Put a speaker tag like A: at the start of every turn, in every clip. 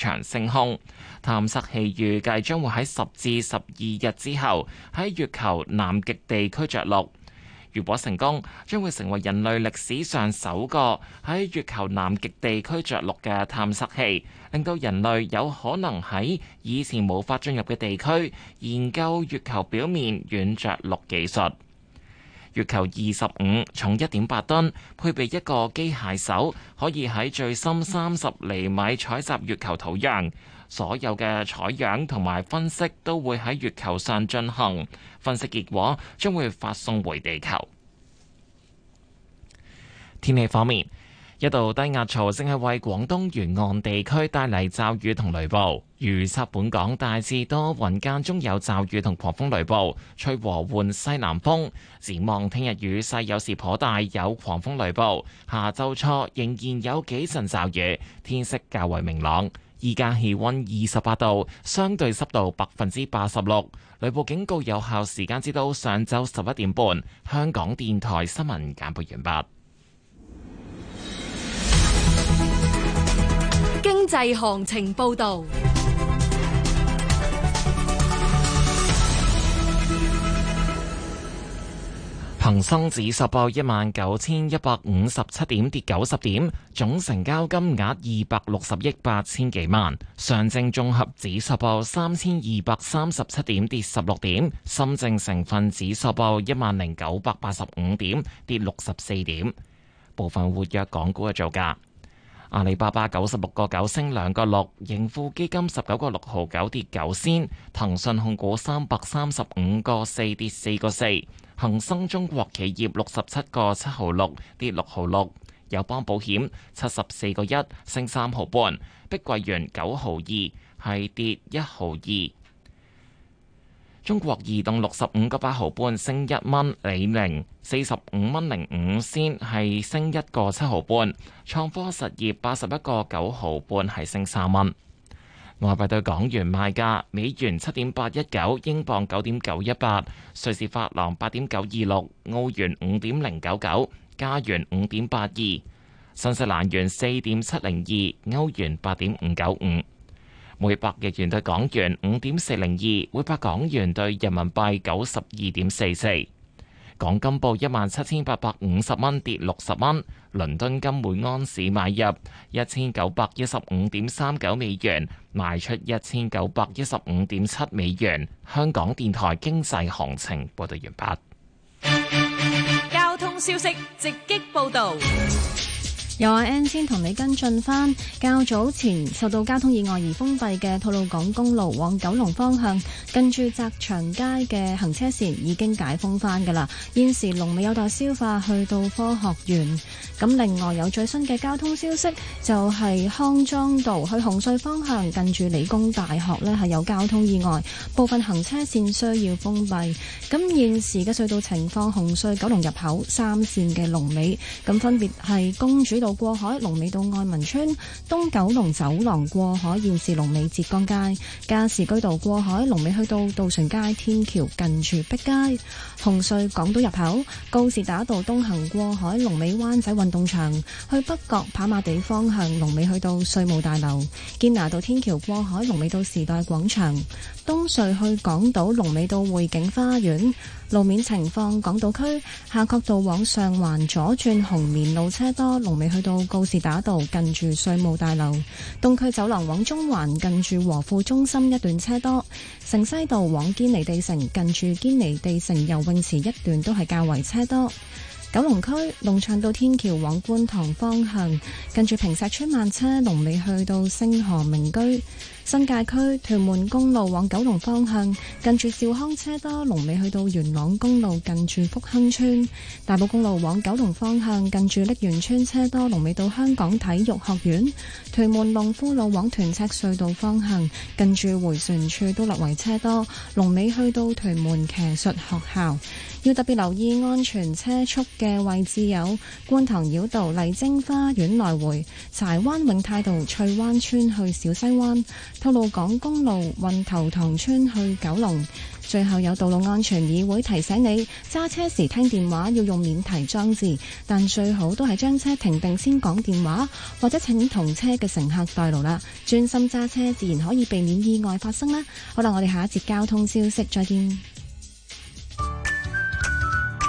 A: 長升空，探測器預計將會喺十至十二日之後喺月球南極地區着陸。如果成功，將會成為人類歷史上首個喺月球南極地區着陸嘅探測器，令到人類有可能喺以前無法進入嘅地區研究月球表面軟着陸技術。月球二十五重一點八噸，配備一個機械手，可以喺最深三十厘米採集月球土壤。所有嘅採樣同埋分析都會喺月球上進行，分析結果將會發送回地球。天氣方面。一度低壓槽正係為廣東沿岸地區帶嚟驟雨同雷暴，預測本港大致多雲間中有驟雨同狂風雷暴，吹和緩西南風。展望聽日雨勢有時頗大，有狂風雷暴。下周初仍然有幾陣驟雨，天色較為明朗。依家氣溫二十八度，相對濕度百分之八十六。雷暴警告有效時間至到上晝十一點半。香港電台新聞簡報完畢。
B: 經濟行情報道，
A: 恒生指數報一萬九千一百五十七點，跌九十點，總成交金額二百六十億八千幾萬。上證綜合指數報三千二百三十七點，跌十六點。深證成分指數報一萬零九百八十五點，跌六十四點。部分活躍港股嘅造價。阿里巴巴九十六個九，升兩個六，盈富基金十九個六毫九，跌九仙，騰訊控股三百三十五個四，跌四個四，恒生中國企業六十七個七毫六，跌六毫六，友邦保險七十四個一，升三毫半，碧桂園九毫二係跌一毫二。中國移動六十五個八毫半，升一蚊；李寧四十五蚊零五仙係升一個七毫半；創科實業八十一個九毫半，係升三蚊。外幣對港元賣價：美元七點八一九，英鎊九點九一八，瑞士法郎八點九二六，澳元五點零九九，加元五點八二，新西蘭元四點七零二，歐元八點五九五。每百日元對港元五點四零二，每百港元對人民幣九十二點四四。港金報一萬七千八百五十蚊，跌六十蚊。倫敦金每安士買入一千九百一十五點三九美元，賣出一千九百一十五點七美元。香港電台經濟行情報道完畢。
C: 交通消息直擊報道。
B: 由啱先同你跟進返較早前受到交通意外而封閉嘅吐露港公路往九龍方向，跟住澤祥街嘅行車線已經解封返㗎啦。現時龍尾有待消化，去到科學園。咁另外有最新嘅交通消息，就係康莊道去紅隧方向近住理工大學咧，係有交通意外，部分行車線需要封閉。咁現時嘅隧道情況，紅隧九龍入口三線嘅龍尾，咁分別係公主道過海龍尾到愛民村，東九龍走廊過海現時龍尾浙江街，加士居道過海龍尾去到渡船街天橋近住碧街，紅隧港島入口告士打道東行過海龍尾灣仔運。東牆去北角跑馬地方向，龍尾去到稅務大樓；建拿道天橋過海，龍尾到時代廣場；東隧去港島，龍尾到匯景花園。路面情況：港島區下角道往上環左轉紅棉路車多，龍尾去到告士打道近住稅務大樓；東區走廊往中環近住和富中心一段車多；城西道往堅尼地城近住堅尼地城游泳池一段都係較為車多。九龍區龍翔道天橋往觀塘方向，近住平石村慢車，龍尾去到星河名居；新界區屯門公路往九龍方向，近住兆康車多，龍尾去到元朗公路近住福亨村；大埔公路往九龍方向，近住瀝源村車多，龍尾到香港體育學院；屯門龍富路往屯赤隧道方向，近住回旋處都列為車多，龍尾去到屯門騎術學校。要特別留意安全車速嘅位置有觀塘繞道、麗晶花園來回、柴灣永泰道翠灣村去小西灣、吐露港公路運頭塘村去九龍。最後有道路安全議會提醒你揸車時聽電話要用免提裝置，但最好都係將車停定先講電話，或者請同車嘅乘客代勞啦。專心揸車自然可以避免意外發生啦。好啦，我哋下一節交通消息，再見。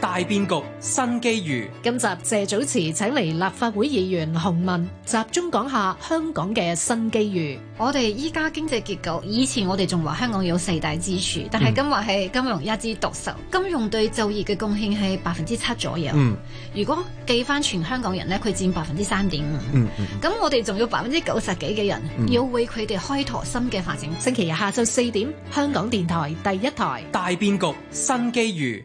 D: 大變局，新機遇。
B: 今集謝祖慈請嚟立法會議員洪文，集中講下香港嘅新機遇。我哋依家經濟結構，以前我哋仲話香港有四大支柱，但係今日係金融一枝獨秀。金融對就業嘅貢獻係百分之七左右。嗯，如果計翻全香港人咧，佢佔百分之三點五。嗯，咁我哋仲有百分之九十幾嘅人，嗯、要為佢哋開拓新嘅發展。星期日下晝四點，香港電台第一台。大
E: 變局，新機遇。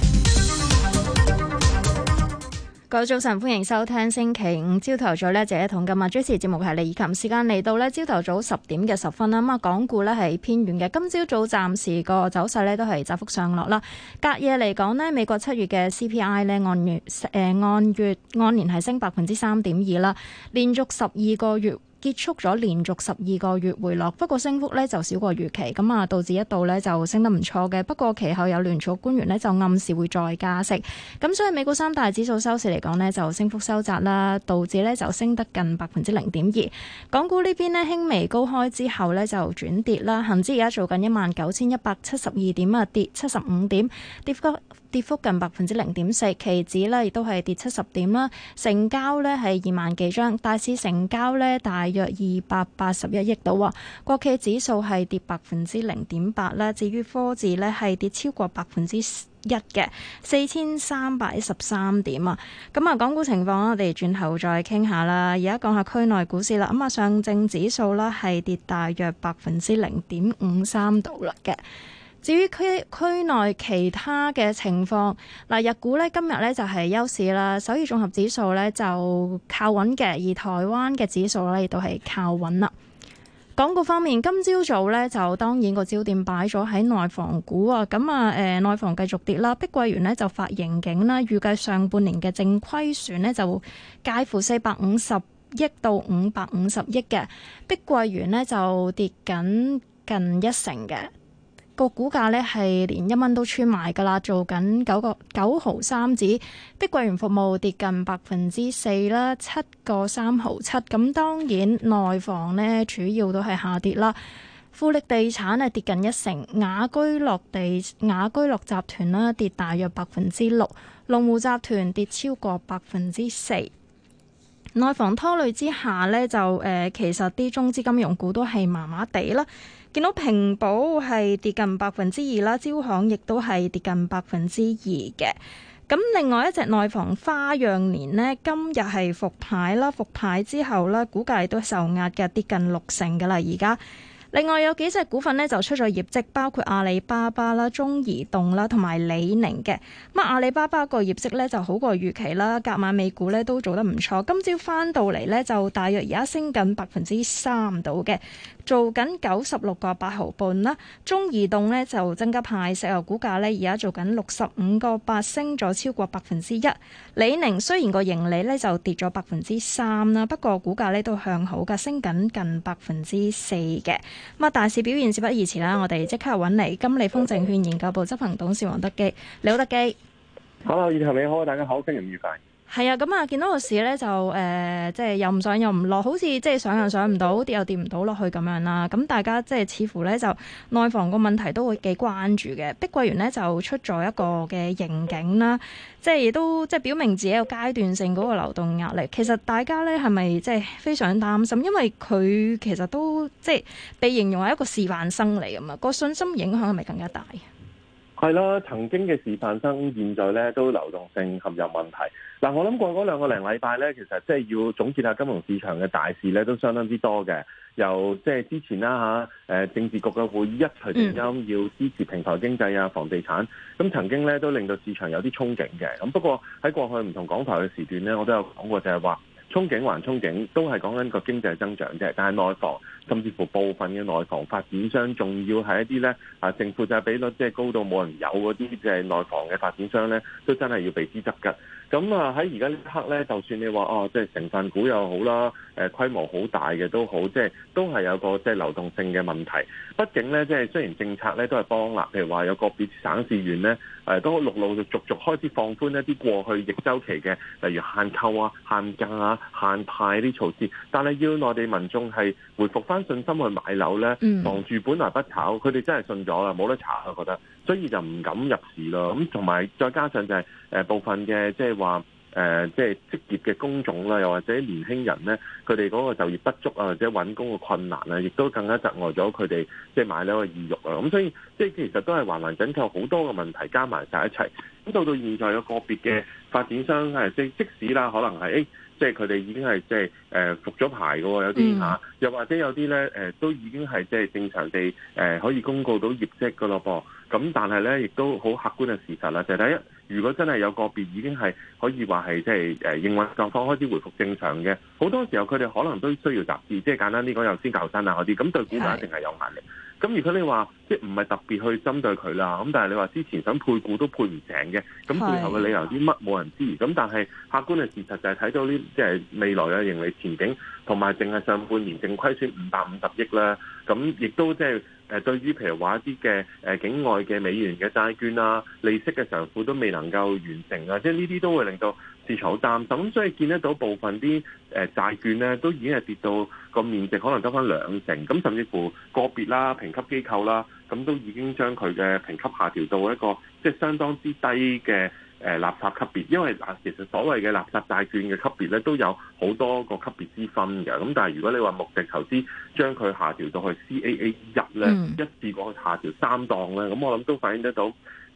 F: 各位早晨，歡迎收聽星期五朝頭早咧，這一桶金啊！主持節目係李以琴，時間嚟到咧，朝頭早十點嘅十分啦。咁啊，港股咧係偏軟嘅。今朝早暫時個走勢咧都係窄幅上落啦。隔夜嚟講呢，美國七月嘅 CPI 咧按月誒、呃、按月按年係升百分之三點二啦，連續十二個月。結束咗連續十二個月回落，不過升幅呢就少過預期，咁啊道指一度呢就升得唔錯嘅，不過其後有聯儲官員呢就暗示會再加息，咁所以美股三大指數收市嚟講呢就升幅收窄啦，道指呢就升得近百分之零點二。港股呢邊呢輕微高開之後呢就轉跌啦，恆指而家做緊一萬九千一百七十二點啊，跌七十五點，跌幅，跌跌幅近百分之零點四，期指呢亦都係跌七十點啦，成交呢係二萬幾張，大市成交呢大約二百八十一億度啊。國企指數係跌百分之零點八咧，至於科指呢係跌超過百分之一嘅四千三百一十三點啊。咁啊，港股情況我哋轉頭再傾下啦。而家講下區內股市啦，咁啊，上證指數啦係跌大約百分之零點五三度啦嘅。至於區區內其他嘅情況，嗱，日股咧今日咧就係、是、休市啦。首爾綜合指數咧就靠穩嘅，而台灣嘅指數咧亦都係靠穩啦。港股方面，今朝早咧就當然個焦點擺咗喺內房股啊。咁啊，誒、呃、內房繼續跌啦。碧桂園呢就發盈警啦，預計上半年嘅淨虧損呢就介乎四百五十億到五百五十億嘅。碧桂園呢就跌緊近，近一成嘅。個股價呢係連一蚊都穿埋㗎啦，做緊九個九毫三紙。碧桂園服務跌近百分之四啦，七個三毫七。咁當然內房呢主要都係下跌啦。富力地產啊跌近一成，雅居樂地雅居樂集團啦跌大約百分之六，龍湖集團跌超過百分之四。內房拖累之下呢，就誒、呃、其實啲中資金融股都係麻麻地啦。見到平保係跌近百分之二啦，招行亦都係跌近百分之二嘅。咁另外一隻內房花樣年呢，今日係復牌啦，復牌之後咧，估計都受壓嘅，跌近六成㗎喇。而家另外有幾隻股份呢，就出咗業績，包括阿里巴巴啦、中移動啦同埋李寧嘅。咁阿里巴巴個業績呢，就好過預期啦，隔晚美股呢，都做得唔錯，今朝翻到嚟呢，就大約而家升近百分之三度嘅。做緊九十六個八毫半啦，中移動呢就增加派石油股價呢，而家做緊六十五個八，升咗超過百分之一。李寧雖然個盈利呢就跌咗百分之三啦，不過股價呢都向好嘅，升緊近百分之四嘅。咁啊，大市表現事不宜遲啦。我哋即刻揾嚟金利豐證券研究部執行董事黃德幾，你好，德幾。
G: Hello，二頭，你好，大家好，今日愉快。
F: 係啊，咁啊，見到個市咧就誒、呃，即係又唔上又唔落，好似即係上又上唔到，跌又跌唔到落去咁樣啦。咁大家即係似乎咧就內房個問題都會幾關注嘅。碧桂園呢，就出咗一個嘅盈警啦，即係亦都即係表明自己有階段性嗰個流動壓力。其實大家咧係咪即係非常擔心？因為佢其實都即係被形容係一個示範生嚟㗎嘛，個信心影響係咪更加大？
G: 係啦，曾經嘅示範生，現在咧都流動性陷入問題。嗱、啊，我諗過嗰兩個零禮拜咧，其實即係要總結下金融市場嘅大事咧，都相當之多嘅。由即係之前啦、啊、嚇，誒、啊、政治局嘅會議一錘定音要支持平台經濟啊、房地產，咁曾經咧都令到市場有啲憧憬嘅。咁不過喺過去唔同港台嘅時段咧，我都有講過就係話。憧憬還憧憬，都係講緊個經濟增長啫。但係內房，甚至乎部分嘅內房發展商，仲要係一啲咧，啊淨負債比率即係高到冇人有嗰啲，即係內房嘅發展商咧，都真係要避之則㗎。咁啊，喺而家呢刻咧，就算你話哦，即係成分股又好啦，誒規模好大嘅都好，即係都係有個即係流動性嘅問題。畢竟咧，即係雖然政策咧都係幫啦，譬如話有個別省市縣咧，誒都陸陸續續開始放寬一啲過去逆周期嘅，例如限購啊、限價啊、限貸啲措施，但係要內地民眾係回復翻信心去買樓咧，望住本來不炒，佢哋真係信咗啦，冇得查。我覺得。所以就唔敢入市咯，咁同埋再加上就係、是、誒部分嘅即係話誒即係職業嘅工種啦，又或者年輕人咧，佢哋嗰個就業不足啊，或者揾工嘅困難啊，亦都更加窒礙咗佢哋即係買樓嘅意欲啊，咁所以即係其實都係環環緊扣好多嘅問題加埋晒一齊，咁到到現在有個別嘅發展商係即即使啦，可能係誒。即係佢哋已經係即係誒復咗牌嘅喎，有啲吓，又或者有啲咧誒都已經係即係正常地誒可以公告到業績嘅咯噃。咁但係咧亦都好客觀嘅事實啦，就係第一。 如果真係有個別已經係可以話係即係誒營運狀況開始回復正常嘅，好多時候佢哋可能都需要集資，即係簡單啲講又先救生啊嗰啲，咁對股價一定係有壓力。咁如果你話即係唔係特別去針對佢啦，咁但係你話之前想配股都配唔成嘅，咁最後嘅理由啲乜冇人知。咁但係客觀嘅事實就係睇到呢，即係未來嘅盈利前景同埋淨係上半年淨虧損五百五十億啦，咁亦都即係。誒對於譬如話一啲嘅誒境外嘅美元嘅債券啊，利息嘅償付都未能夠完成啊，即係呢啲都會令到市場好擔心，咁所以見得到部分啲誒債券咧都已經係跌到個面值可能得返兩成，咁甚至乎個別啦、評級機構啦，咁都已經將佢嘅評級下調到一個即係相當之低嘅。誒垃圾級別，嗯、因為啊，其實所謂嘅垃圾債券嘅級別咧，都有好多個級別之分嘅。咁但係如果你話穆迪投資將佢下調到去 Caa、嗯、一咧，一次過下調三檔咧，咁我諗都反映得到，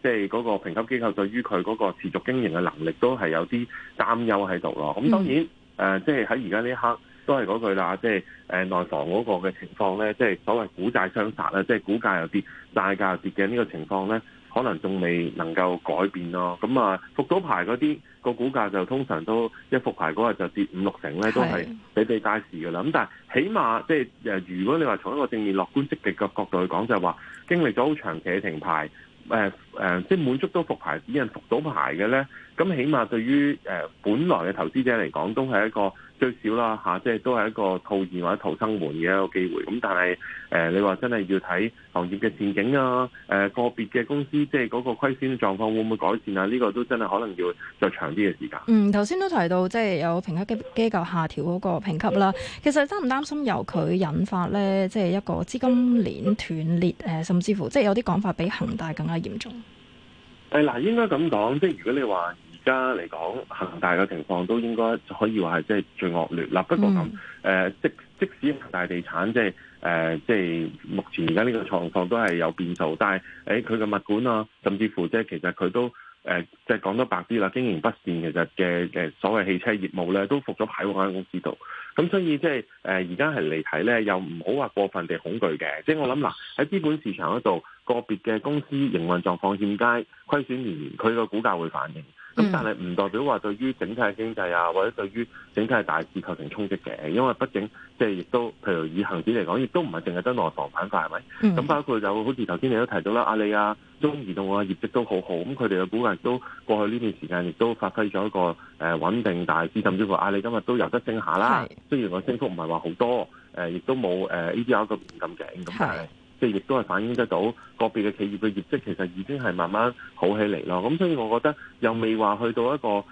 G: 即係嗰個評級機構對於佢嗰個持續經營嘅能力都係有啲擔憂喺度咯。咁當然誒，即係喺而家呢一刻都係嗰句啦，即係誒內房嗰個嘅情況咧，即係所謂股債雙殺啦，即係股價又跌，債價又跌嘅呢個情況咧。可能仲未能夠改變咯，咁啊，復到牌嗰啲個股價就通常都一復牌嗰日就跌五六成咧，都係比比皆是噶啦。咁的但係起碼即係誒，如果你話從一個正面樂觀積極嘅角度去講，就話、是、經歷咗好長期嘅停牌誒誒、呃，即係滿足到復牌指引，復到牌嘅咧，咁起碼對於誒、呃、本來嘅投資者嚟講，都係一個。最少啦吓、啊，即係都係一個套現或者逃生門嘅一個機會。咁但係誒、呃，你話真係要睇行業嘅前景啊，誒、呃、個別嘅公司即係嗰個虧損狀況會唔會改善啊？呢、這個都真係可能要再長啲嘅時間。嗯，
F: 頭先都提到即係有評級機機構下調嗰個評級啦。其實擔唔擔心由佢引發呢，即係一個資金鏈斷裂誒，甚至乎即係有啲講法比恒大更加嚴重。
G: 誒嗱、嗯，應該咁講，即係如果你話。而家嚟講，恒大嘅情況都應該可以話係即係最惡劣啦。不過咁誒、嗯呃，即即使恒大地產即係誒，即係目前而家呢個狀況都係有變數。但係誒，佢、欸、嘅物管啊，甚至乎即係其實佢都誒、呃，即係講得白啲啦，經營不善其實嘅嘅所謂汽車業務咧，都服咗喺喎間公司度。咁所以即係誒，而家係嚟睇咧，又唔好話過分地恐懼嘅。即係我諗嗱，喺、呃、資本市場嗰度，個別嘅公司營運狀況欠佳、虧損而言，佢個股價會反應。咁、嗯、但係唔代表話對於整體嘅經濟啊，或者對於整體嘅大市構成衝擊嘅，因為畢竟即係亦都，譬如以恒指嚟講，亦都唔係淨係得內房板塊，係咪？咁、嗯、包括就好似頭先你都提到啦，阿里啊、中、啊、移動啊、呃、啊，業績都好好，咁佢哋嘅股價都過去呢段時間亦都發揮咗一個誒穩定大市，甚至乎阿里今日都有得升下啦，雖然個升幅唔係話好多，誒亦都冇誒 ADR 咁咁勁咁。是即係亦都係反映得到個別嘅企業嘅業績其實已經係慢慢好起嚟咯，咁所以我覺得又未話去到一個誒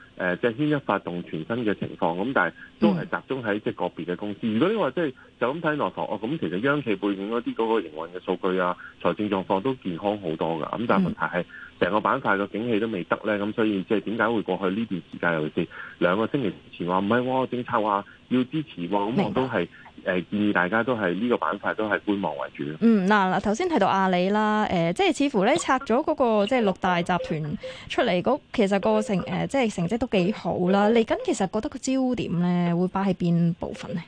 G: 隻牽一發動全身嘅情況，咁但係都係集中喺即係個別嘅公司。如果你話即係就咁睇內房哦，咁其實央企背景嗰啲嗰個營運嘅數據啊、財政狀況都健康好多噶，咁但係問題係成個板塊嘅景氣都未得咧，咁所以即係點解會過去呢段時間尤其係兩個星期前話唔係喎，政策話要支持喎、哦，咁我都係。誒、呃，建議大家都係呢個板塊都係觀望為主，
F: 嗯，嗱、啊、嗱，頭先提到阿里啦，誒、呃，即係似乎咧拆咗嗰、那個即係六大集團出嚟嗰，其實個成誒、呃，即係成績都幾好啦。嚟緊其實覺得個焦點咧會擺喺邊部分呢？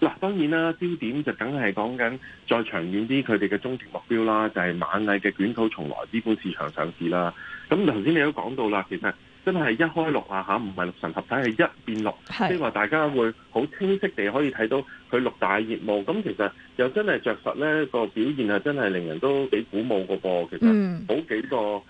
G: 嗱、啊，當然啦，焦點就梗係講緊再長遠啲，佢哋嘅終極目標啦，就係螞蟻嘅捲土重來，資本市場上市啦。咁頭先你都講到啦，其實。真係一開六下、啊、下，唔係六神合體，係一變六，即係話大家會好清晰地可以睇到佢六大業務。咁、嗯嗯、其實又真係着實咧個表現啊，真係令人都幾鼓舞個噃。其實好幾個誒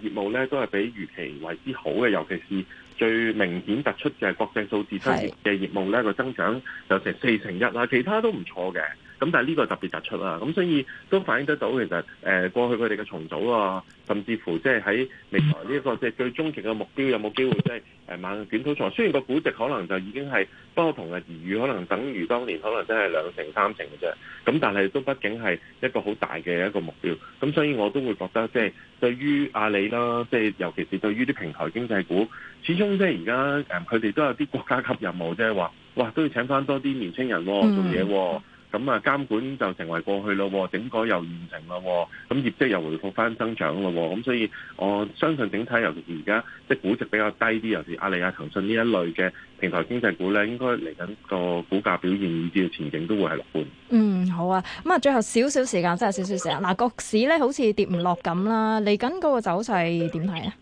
G: 業務咧都係比預期為之好嘅，尤其是最明顯突出就係國際數字生意嘅業務咧，個增長就成四成一啦，其他都唔錯嘅。咁但係呢個特別突出啊！咁所以都反映得到其實誒過去佢哋嘅重組啊，甚至乎即係喺未來呢一個即係最終極嘅目標，有冇機會即係誒買捲土重來？雖然個估值可能就已經係不同日而語，可能等於當年可能真係兩成三成嘅啫。咁但係都畢竟係一個好大嘅一個目標。咁所以我都會覺得即係對於阿里啦，即係尤其是對於啲平台經濟股，始終即係而家誒佢哋都有啲國家級任務，即係話哇都要請翻多啲年輕人做嘢。咁啊，監管就成為過去咯，整改又完成咯，咁業績又回復翻增長咯，咁所以我相信整體，尤其是而家即係估值比較低啲，尤其是阿里啊、騰訊呢一類嘅平台經濟股咧，應該嚟緊個股價表現以至前景都會係樂觀。
F: 嗯，好啊，咁、嗯、啊，最後少少時間真係少少時間，嗱個、啊、市咧好似跌唔落咁啦，嚟緊嗰個走勢點睇啊？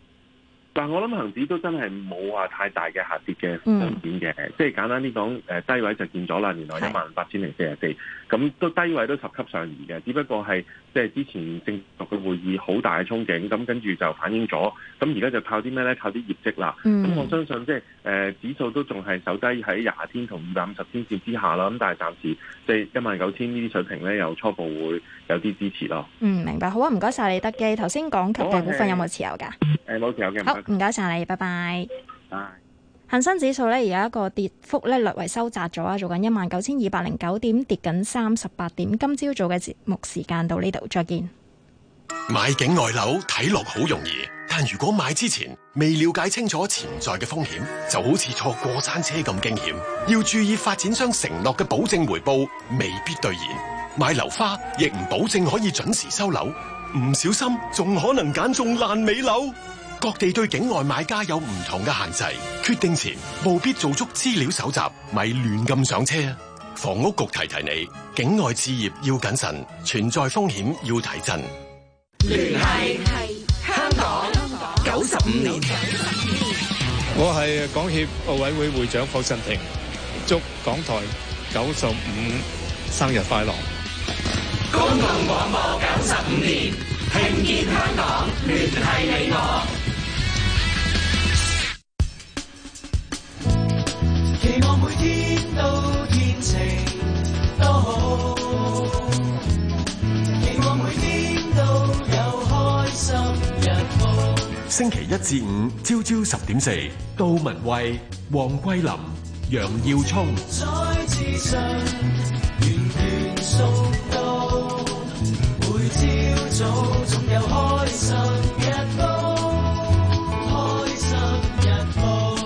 G: 但、嗯啊、我諗恆指都真係冇話太大嘅下跌嘅風險嘅，嗯、即係簡單啲講，誒、呃、低位就見咗啦，原來一萬八千零四十四，咁都低位都十級上移嘅，只不過係即係之前政局嘅會議好大嘅憧憬，咁跟住就反映咗，咁而家就靠啲咩咧？靠啲業績啦。咁、嗯、我相信即係誒、呃、指數都仲係走低喺廿天同五百五十天線之下啦。咁但係暫時即係一萬九千呢啲水平咧，有初步會有啲支持咯。嗯，
F: 明白。好啊，唔該晒你。得嘅，頭先講嘅股份有冇持有㗎？誒、
G: 冇持有嘅。唔
F: 該晒你，拜拜。拜。恒生指數咧，而家一個跌幅咧，略為收窄咗啊，做緊一萬九千二百零九點，跌緊三十八點。今朝早嘅節目時間到呢度，再見。
D: 買境外樓睇落好容易，但如果買之前未了解清楚潛在嘅風險，就好似坐過山車咁驚險。要注意發展商承諾嘅保證回報未必兌現，買樓花亦唔保證可以準時收樓，唔小心仲可能揀中爛尾樓。各地對境外買家有唔同嘅限制，決定前務必做足資料搜集，咪亂咁上車。房屋局提提你，境外置業要謹慎，存在風險要提振。
H: 聯繫係香港九十
I: 五年，年年我係港協奧委會會會長霍震霆，祝港台九十五生日快樂。
H: 公共廣播九十五年，聽見香港，聯繫你我。
D: 星期一至五朝朝十點四，杜文慧、黃桂林、
E: 楊耀聰。
J: 每朝早總有開心日報，開心日報。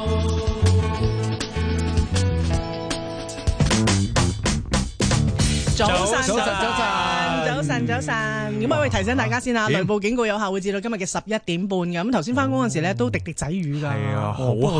B: 早晨，早
J: 晨，早晨。早晨咁啊！我哋提醒大家先啦。雷暴警告有效會至到今日嘅十一點半噶。咁頭先翻工嗰時咧，都滴滴仔雨噶。係啊，好黑啊，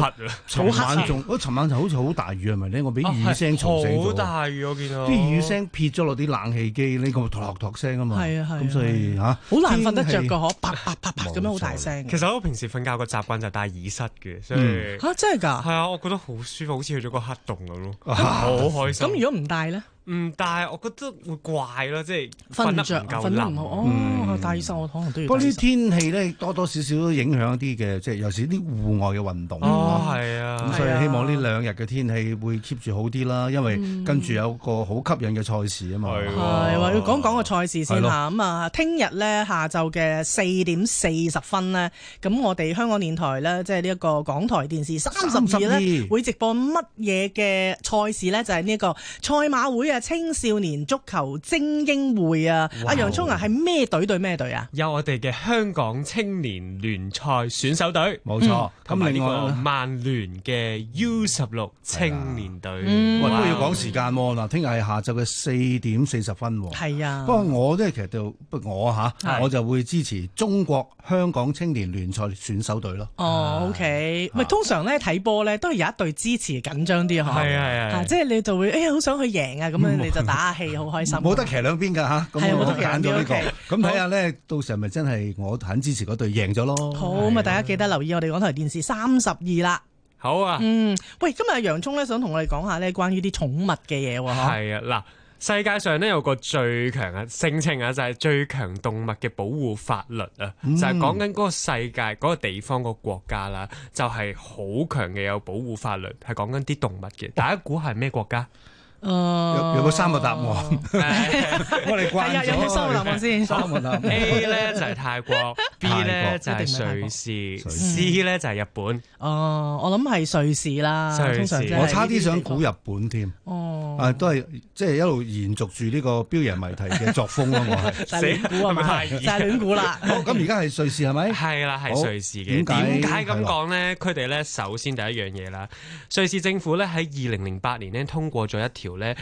J: 好黑。昨
E: 晚，尋晚就好似好大雨係咪呢？我俾雨聲嘈醒。好大
J: 雨，我見到啲雨聲
E: 撇咗落啲冷氣機，呢個托托聲啊嘛。係啊係。
J: 咁所以吓好難瞓得着噶，嗬？啪啪啪啪咁樣好大聲。其
D: 實我平時瞓覺個習慣就戴耳塞嘅，所以吓真係噶。係啊，我覺得好舒服，好似去咗個黑洞咁咯，好開心。咁如果唔戴咧？嗯，但係我覺得會怪咯，即係瞓唔著，瞓得唔好哦，嗯、
J: 大醫生，我可能都要。不過啲
E: 天氣咧，多多少少都影響一啲嘅，即係尤其是啲戶外嘅運動。哦，
J: 係、嗯嗯、啊。咁所以希望
E: 呢兩日嘅天氣會 keep 住好啲啦，因為跟住有個好吸引嘅賽事、嗯、啊嘛。係、啊。係話、啊、要
J: 講講個賽事先嚇，咁啊，聽日咧下晝嘅四點四十分咧，咁我哋香港電台咧，即係呢一個港台電視三十二咧，會直播乜嘢嘅賽事咧？就係、是、呢個賽馬會啊！青少年足球精英會啊！阿楊聰啊係咩隊對咩隊啊？
D: 有我哋嘅香港青年聯賽選
E: 手隊，冇
D: 錯。咁另外曼聯嘅 U 十六青
E: 年隊，都要講時間嗱。聽日係下晝嘅四點四十分，係啊。不過我咧其實就我吓，我就會支持中國香港青年聯賽選手隊咯。
J: 哦，OK。咪通常咧睇波咧都係有一隊支持緊張啲，係係啊，即係你就會哎呀好想去贏啊咁。咁咪你就打下氣，好開心。冇得騎
E: 兩邊噶嚇，係冇得騎兩邊。咁睇下咧，到時候咪真係我肯支持嗰隊贏咗咯。好，
J: 咁咪大家記得留意我哋嗰台電視三十二啦。
D: 好啊。嗯，
J: 喂，今日阿洋葱咧想同我哋講下咧關於啲寵物嘅嘢喎。係啊，
D: 嗱，世界上咧有個最強啊，性情啊，就係最強動物嘅保護法律啊，就係講緊嗰個世界嗰個地方個國家啦，就係好強嘅有保護法律，係講緊啲動物嘅。大家估係咩國家？有冇三個答案？我哋掛咗。有冇三個答案先？三個答案。A 咧就係泰國，B 咧就係瑞士
J: ，C 咧就係日本。哦，我諗係瑞士啦。瑞士，我差啲想
E: 估日本添。哦，都係即係一路延續住呢個標人謎題嘅作
J: 風咯。我係。大膽估啊！咪大膽估啦。
E: 咁而家係瑞士係咪？係啦，係瑞士嘅。點解，點解咁
D: 講呢？佢哋咧首先第一樣嘢啦，瑞士政府咧喺二零零八年呢通過咗一條。咧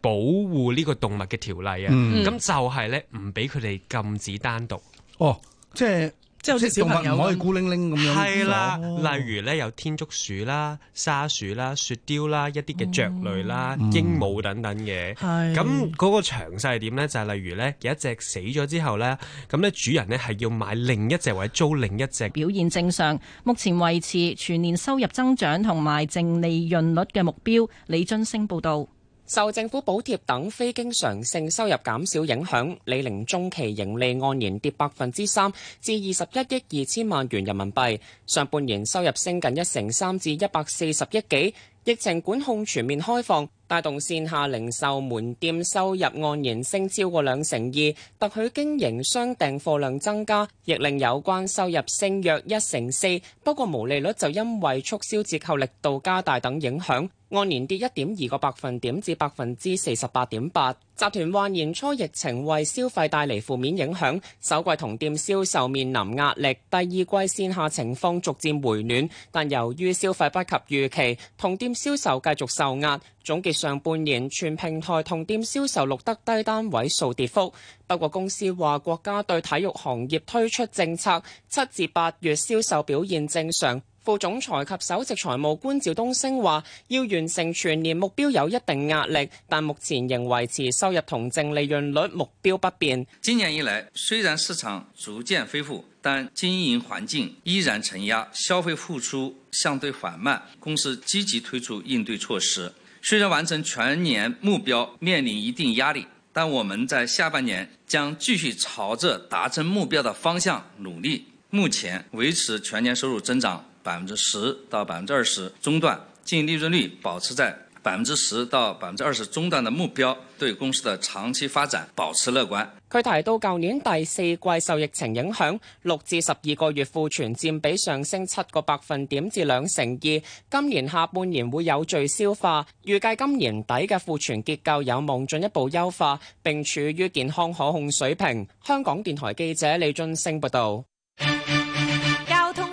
D: 保護呢個動物嘅條例啊，咁、嗯、就係咧唔俾佢哋禁止單獨
E: 哦，即係即係好似動物又可以孤零零咁樣，係啦。嗯、例
D: 如咧有天竺鼠啦、沙鼠啦、雪貂啦，一啲嘅雀類啦、鸚鵡、嗯嗯、等等嘅。係咁嗰個詳細係點咧？就係、是、例如咧有一隻死咗之後咧，咁咧主人咧係要買另一隻或者租另一隻
B: 表現正常，目前維持全年收入增長同埋淨利潤率嘅目標。李津升報道。受政府補貼等非經常性收入減少
H: 影響，李寧中期盈利按年跌百分之三，至二十一億二千萬元人民幣。上半年收入升近一成三，至一百四十億幾。疫情管控全面開放，帶動線下零售門店收入按年升超過兩成二。特許經營商訂貨量增加，亦令有關收入升約一成四。不過毛利率就因為促銷折扣力度加大等影響。按年跌一點二個百分點，至百分之四十八點八。集團話年初疫情為消費帶嚟負面影響，首季同店銷售面臨壓力。第二季綫下情況逐漸回暖，但由於消費不及預期，同店銷售繼續受壓，總結上半年全平台同店銷售錄得低單位數跌幅。不過公司話國家對體育行業推出政策，七至八月銷售表現正常。副總裁及首席財務官趙東升話，要完成全年目標有一定壓力，但目前仍維持收入同淨利潤率目
C: 標不變。今年以來，雖然市場逐漸恢復，但經營環境依然承壓，消費復蘇相對緩慢。公司積極推出應對措施，雖然完成全年目標面臨一定壓力，但我們在下半年將繼續朝着達成目標的方向努力。目前維持全年收入增長。百分之十到百分之二十中段，淨利潤率保持在百分之十到百分之二十中段的目標，對公司的長期發展保持樂觀。
H: 佢提到，舊年第四季受疫情影響，六至十二個月庫存佔比上升七個百分點至兩成二，今年下半年會有序消化，預計今年底嘅庫存結構有望進一步優化，並處於健康可控水平。香港電台記者李俊升報道。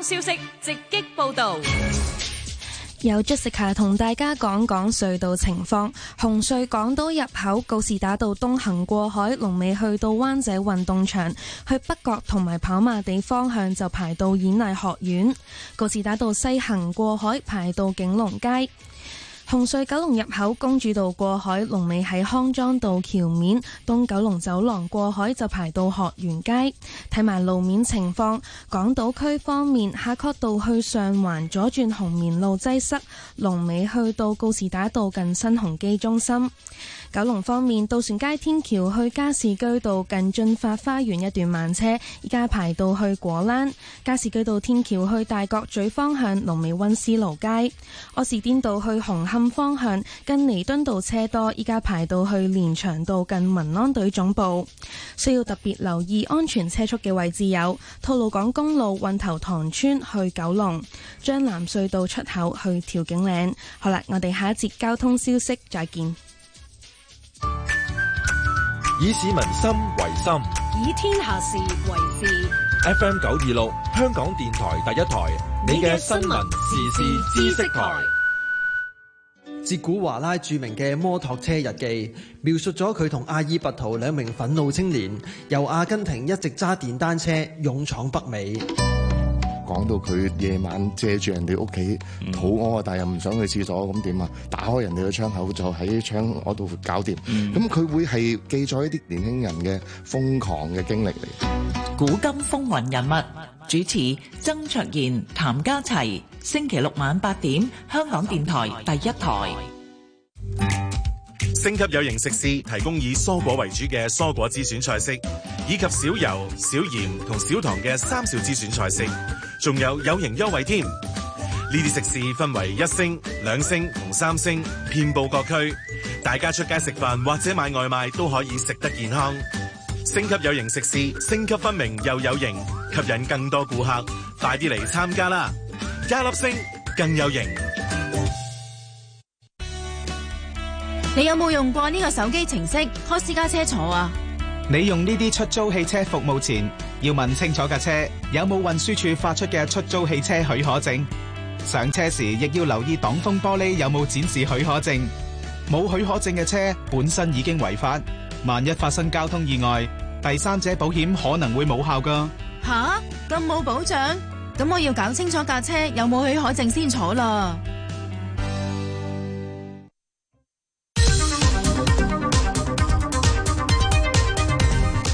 C: 消息直擊報道，有 Jessica 同大家講講隧道情況。紅隧港島入口告士打道東行過海，龍尾去到灣仔運動場；去北角同埋跑馬地方向就排到演藝學院。告士打道西行過海，排到景隆街。紅隧九龍入口公主道過海，龍尾喺康莊道橋面；東九龍走廊過海就排到學園街。睇埋路面情況，港島區方面，夏愨道去上環左轉紅棉路擠塞，龍尾去到告士打道近新鴻基中心。九龍方面，渡船街天橋去加士居道近駿發花園一段慢車，依家排到去果欄；加士居道天橋去大角咀方向，龍尾溫斯路街；柯士甸道去紅磡方向，近彌敦道車多，依家排到去連翔道近民安隊總部。需要特別留意安全車速嘅位置有：吐露港公路運頭塘村去九龍，將南隧道出口去調景嶺。好啦，我哋下一節交通消息再見。
G: 以市民心為心，
C: 以天下
B: 事為事。
G: FM 九二六，香港電台第一台，你嘅新聞、時事、知識台。
E: 自古華拉著名嘅摩托車日記，描述咗佢同阿爾拔圖兩名憤怒青年，由阿根廷一直揸電單車，勇闖北美。
K: 講到佢夜晚借住人哋屋企肚屙，但係又唔想去廁所，咁點啊？打開人哋嘅窗口就喺窗嗰度搞掂。咁佢會係記載一啲年輕人
A: 嘅瘋狂嘅經歷嚟。古今風雲人物主持曾卓然、譚家齊，星期六晚八點，香港電台第一台。
K: 星級有型食肆提供以蔬果為主嘅蔬果之選菜式。以及少油、少鹽同少糖嘅三少之選菜式，仲有有型優惠添。呢啲食肆分為一星、兩星同三星，遍佈各區。大家出街食飯或者買外賣都可以食得健康。
E: 星級有型食肆，星級分明又有型，吸引更多顧客。快啲嚟參加啦！加粒星更有型。
C: 你有冇用過呢個手機程式開私家車坐啊？
J: 你用呢啲出租汽車服務前，要問清楚架車有冇運輸處發出嘅出租汽車許可證。上車時亦要留意擋風玻璃有冇展示許可證。冇許可證嘅車本身已經違法，萬一發生交通意外，第三者保險可能會冇效㗎。
C: 吓，咁冇保障，咁我要搞清楚架車有冇許可證先坐啦。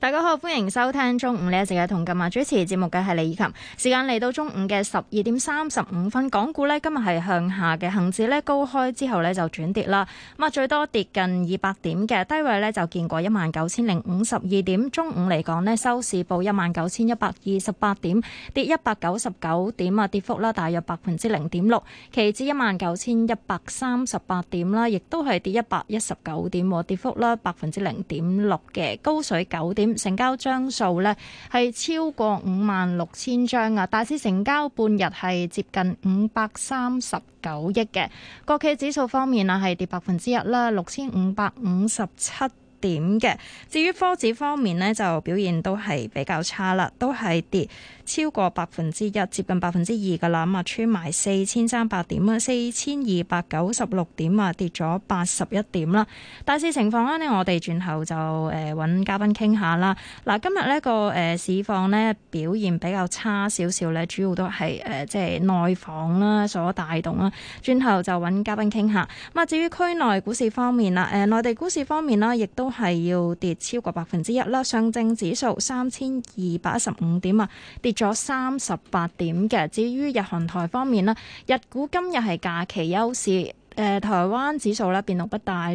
F: 大家好，歡迎收聽中午李家誠同今日主持節目嘅係李以琴。時間嚟到中午嘅十二點三十五分，港股呢今日係向下嘅，恒指呢高開之後呢就轉跌啦。咁啊，最多跌近二百點嘅，低位呢就見過一萬九千零五十二點。中午嚟講呢，收市報一萬九千一百二十八點，跌一百九十九點啊，跌幅啦大約百分之零點六。期指一萬九千一百三十八點啦，亦都係跌一百一十九點，跌幅啦百分之零點六嘅，高水九點。成交張數呢係超過五萬六千張啊！大市成交半日係接近五百三十九億嘅。國企指數方面啊，係跌百分之一啦，六千五百五十七。點嘅？至於科指方面呢，就表現都係比較差啦，都係跌超過百分之一，接近百分之二嘅啦。咁啊，穿埋四千三百點啊，四千二百九十六點啊，跌咗八十一點啦。大市情況呢，我哋轉頭就誒搵、呃、嘉賓傾下啦。嗱，今日呢、這個誒、呃、市況呢，表現比較差少少呢，主要都係誒即係內房啦，所帶動啦。轉頭就搵嘉賓傾下。咁啊，至於區內股市方面啦，誒、呃、內地股市方面啦，亦都。都係要跌超過百分之一啦，上證指數三千二百一十五點啊，跌咗三十八點嘅。至於日韓台方面咧，日股今日係假期休市，誒、呃，台灣指數咧變動不大，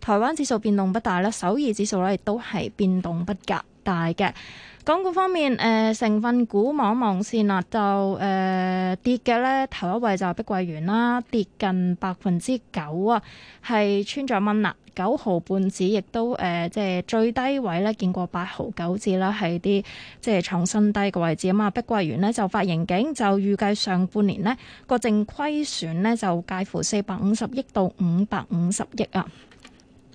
F: 台灣指數變動不大啦。首爾指數咧亦都係變動不夾大嘅。港股方面，誒、呃、成份股望望線啦，就誒、呃、跌嘅咧，頭一位就係碧桂園啦，跌近百分之九啊，係穿咗蚊啦，九毫半紙亦都誒即係最低位咧，見過八毫九紙啦，係啲即係創新低嘅位置啊嘛。碧桂園呢就發盈警，就預計上半年呢個淨虧損呢就介乎四百五十億到五百五十億啊。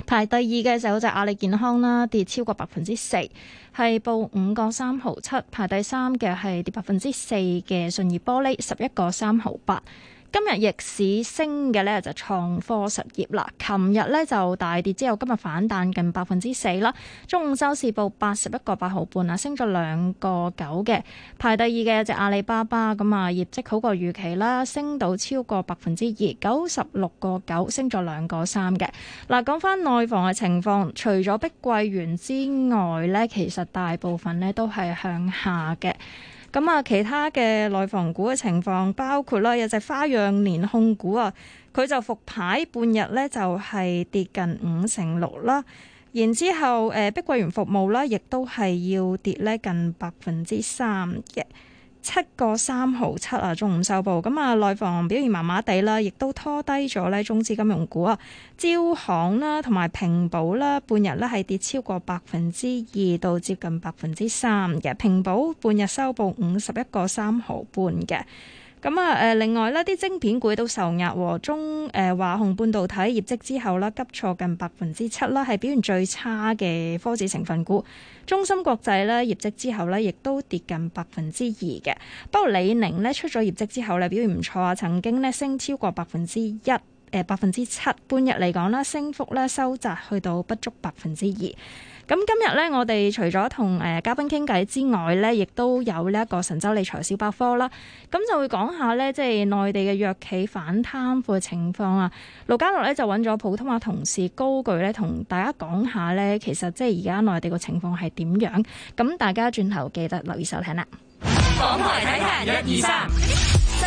F: 排第二嘅就係阿里健康啦，跌超過百分之四，係報五個三毫七。排第三嘅係跌百分之四嘅信義玻璃，十一個三毫八。今日逆市升嘅呢，就創科實業啦，琴日呢，就大跌之後今日反彈近百分之四啦。中午收市報八十一個八毫半啦，升咗兩個九嘅。排第二嘅有隻阿里巴巴，咁啊，業績好過預期啦，升到超過百分之二，九十六個九，升咗兩個三嘅。嗱，講翻內房嘅情況，除咗碧桂園之外呢，其實大部分呢都係向下嘅。咁啊，其他嘅內房股嘅情況包括啦，有隻花樣年控股啊，佢就復牌半日咧，就係跌近五成六啦。然之後，誒、呃、碧桂園服務啦，亦都係要跌咧近百分之三嘅。七個三毫七啊，中午收報。咁啊，內房表現麻麻地啦，亦都拖低咗呢中資金融股啊，招行啦，同埋平保啦，半日呢係跌超過百分之二到接近百分之三嘅。平保半日收報五十一個三毫半嘅。咁啊，誒另外咧，啲晶片股都受壓，和中誒華虹半導體業績之後咧，急挫近百分之七啦，係表現最差嘅科指成分股。中芯國際呢業績之後呢，亦都跌近百分之二嘅。不過李寧呢，出咗業績之後呢，表現唔錯啊，曾經呢，升超過百分之一，誒百分之七，半日嚟講啦，升幅呢收窄去到不足百分之二。咁今日咧，我哋除咗同誒嘉賓傾偈之外咧，亦都有呢一個神州理財小百科啦。咁就會講下咧，即係內地嘅藥企反貪腐嘅情況啊。盧家樂咧就揾咗普通話同事高巨，咧，同大家講下咧，其實即係而家內地嘅情況係點樣？咁大家轉頭記得留意收聽啦。
G: 港台睇下一二三。1, 2,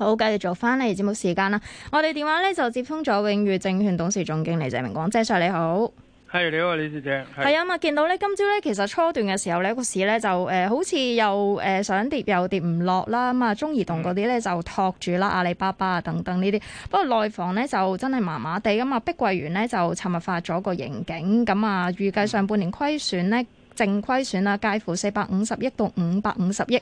F: 好，繼續做翻嚟，節目時間啦。我哋電話咧就接通咗永裕證券董事總經理謝明光，謝 Sir 你好。
L: 係，你好，李小姐。係啊，咁
F: 啊見到呢今朝，咧其實初段嘅時候呢個市咧就誒好似又誒、呃、上跌又跌唔落啦。咁啊中移動嗰啲咧就托住啦，阿里巴巴等等呢啲。不過內房咧就真係麻麻地咁啊，碧桂園呢就尋日發咗個盈警，咁啊預計上半年虧損呢，淨虧損啊介乎四百五十億到五百五十億。